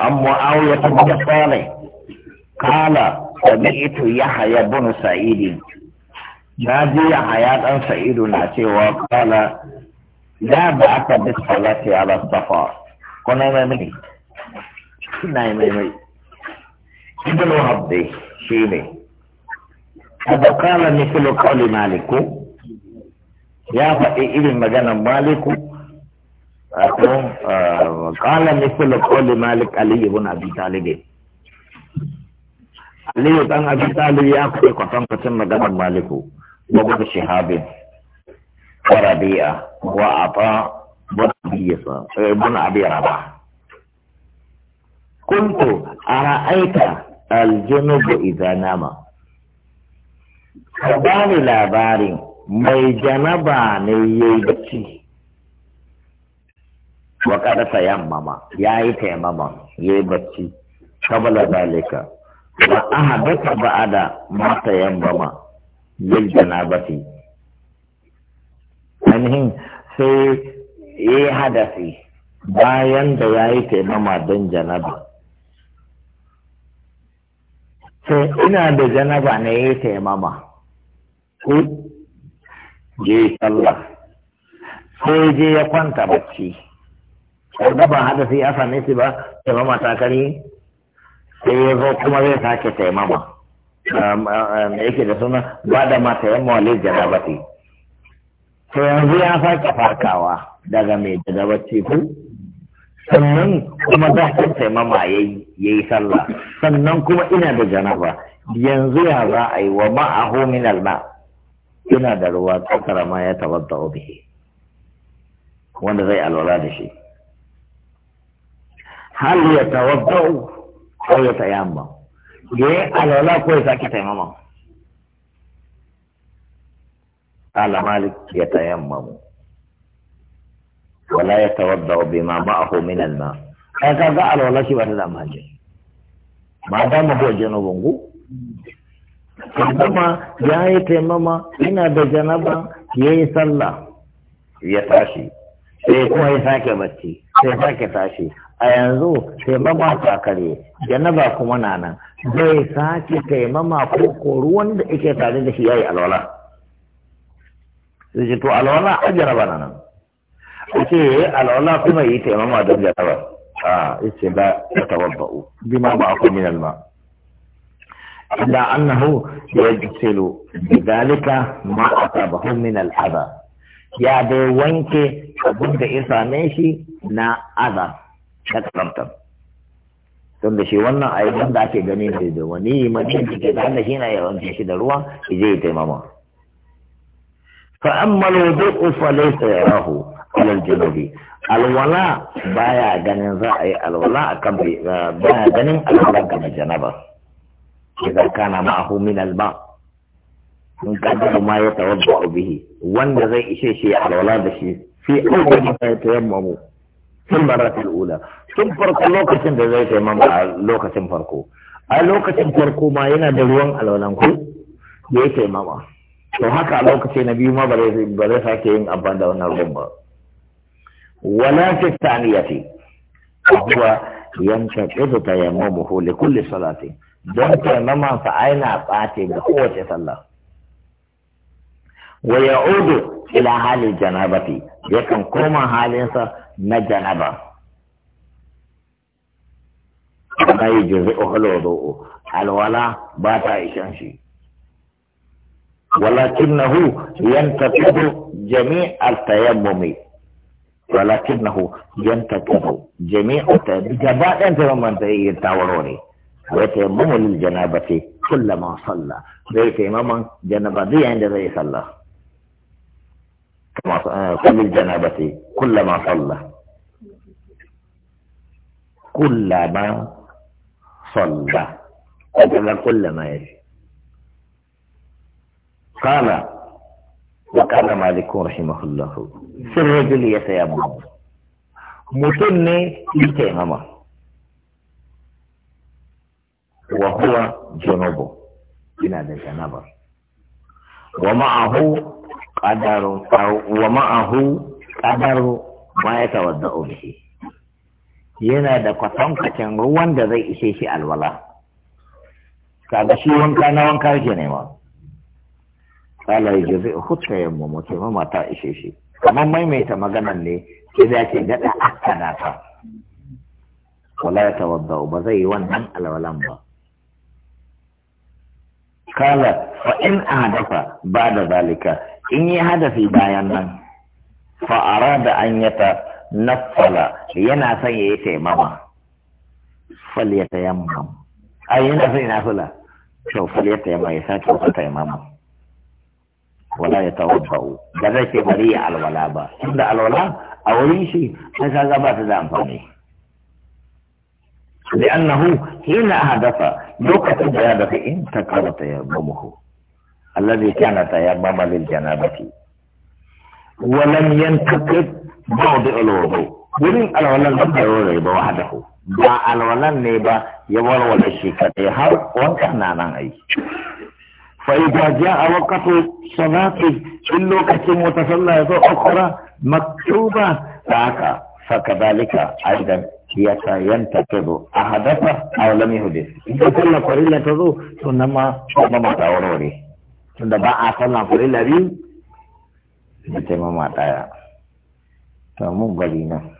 عن معاوية بن صالح قال سمعت يحيى بن سعيد نادي يحيى بن سعيد ناتي وقال لا بأس بالصلاة على الصفا مني قلنا ما مني ابن وهب شيني هذا قال مثل قول مالك يا فإيه ابن مجانا مالك Kala nefa lokoli Malik Aliyu, Buna Abiya da Alibe. Alibe ta yi mafi fita Aliyu ya fiye kwatankwanci Magajiya da Malik, wa kuka shahada wa Rabi'a, ko a fa Buna Abiya da eh, Ra'abuwa. Kun ku har aiki aljema goyi zanyama. Habari da mai janaba ne ya yi wa kada yi taimama, ya yi bacci kabala dalika wa mata ba'da ma tayammama lil janabati ainihin sai ya yi hadasi bayan da ya yi taimama don ba sai ina da janaba ne yi taimama. Ku je sallah sai je ya kwanta bacci da ba hadasi ya same shi ba mama ta kari sai ya zo kuma zai sake taimama da um, uh, uh, yake da suna ba da mata yan mawalin jarabati to yanzu ya sake farkawa daga mai jarabati ku sannan kuma da kan taimama ya yi sallah sannan kuma ina da janaba yanzu ya za a yi wa ma'ahu min alma ina da ruwa tsakara ma ya da obi wanda zai alwala da shi hal ya tawaddau aw ya tayammam ye alwala ko ya sake tayammam ala malik ya tayammam wala ya tawaddau bima ma'ahu min alma kai ka ga alwala shi ba ta da amfani ba da mu ko janubun ku kuma ya yi taimama ina da janaba ya yi ya tashi sai kuma ya sake bacci sai sake tashi a yanzu taimama ta kare janaba kuma na nan zai sake taimama ko ko ruwan da yake tare da shi yayi alwala zai to alwala a jaraba na nan a ce eh, alwala kuma yi taimama don jaraba a yace ba ta tawabba'u ma ba aku min alma illa annahu yajtilu bidalika ma asabahu min al'adha ya dai wanke abin da ya same shi na aza? na karamtar don da shi wannan a yi da ake ganin da da wani mutum da ke da shi na yawanci shi da ruwa ya je ya taimama fa amma fa laysa yarahu ala al-junubi alwala baya ganin za a yi alwala akan baya ganin alwala ga janaba idan kana ma'ahu min al-ba' in kaddara ma ya tawadda bihi wanda zai ishe shi ya alwala da shi fi awwal ma ya tayammamu tun baratul ula tun farko lokacin da zai tayammama a lokacin farko a lokacin farko ma yana da ruwan alwalan ku da ya tayammama to haka a lokaci na biyu ma ba zai sake yin abban da wannan ruwan ba wala fi tsaniyati huwa yanka qidta yammuhu li kulli salati don tayammama fa aina ɓace ga kowace sallah wa ya'udu ila hali janabati yakan koma halinsa na janaba amma yi jinsu ohalo zo'o alwala ba ta ishan shi walakin na hu yanta tudu jami altayammumi walakin na hu yanta tudu jami altayammumi gaba ɗan ta zama ta yi tawaro ne a wata yamma mulin janabati kullum a sallah zai taimaman janaba zai yayin da yi sallah آه، كل الجنابة كلما صلى كلما صلى هذا ما يجي قال وقال مالك رحمه الله في الرجل يتيمم متني يتيمم وهو جنوبه بنا جنابه ومعه qadaru wa ma'ahu qadaru ma yatawadda'u bihi yana da kwatankacin ruwan da zai ishe shi alwala Kada shi wanka na wanka yake nema kala ya zai hutta yamma mutum mata ishe shi kamar maimaita maganar ne ke da ke daɗa akana ta wala ya wadda ba zai yi wannan alwalan ba kala fa in adafa ba da zalika in yi hadafi bayan nan fa'ara da an yata naffala yana son ya yi taimama fal ya tayammam ai yana son yana fula to fal ya tayammam ya sake wata taimama wala ya tawabba'u ba zai ce bari ya alwala ba tunda alwala a wurin shi sai kaga ba ta da amfani لأنه حين حدث لو كتب هذا إن تكرر تيممه الذي كان تيمم للجنابة ولم ينتقد بعض الوضوء ولم الولن لم يرد وحده با الولن نيبا يور ولا شيء كتيها وانتحنا نعنى فإذا جاء وقت صلاة إلو كتي متصلى أخرى مكتوبة ذاك فكذلك أيضا يتينتقد أحدثه أو لم يحدث إذا كل قليلة تضو ثم ما تورو tunda ba a sallah farilla biyu da taimama ɗaya to mun bari nan